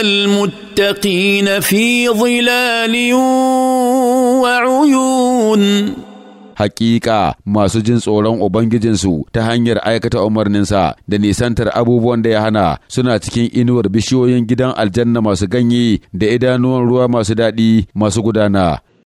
المتقين في ظلال وعيون hakika masu jin tsoron Ubangijinsu ta hanyar aikata umarninsa da nisantar abubuwan da ya hana suna cikin inuwar bishiyoyin gidan aljanna masu ganye da idanuwan ruwa masu daɗi masu gudana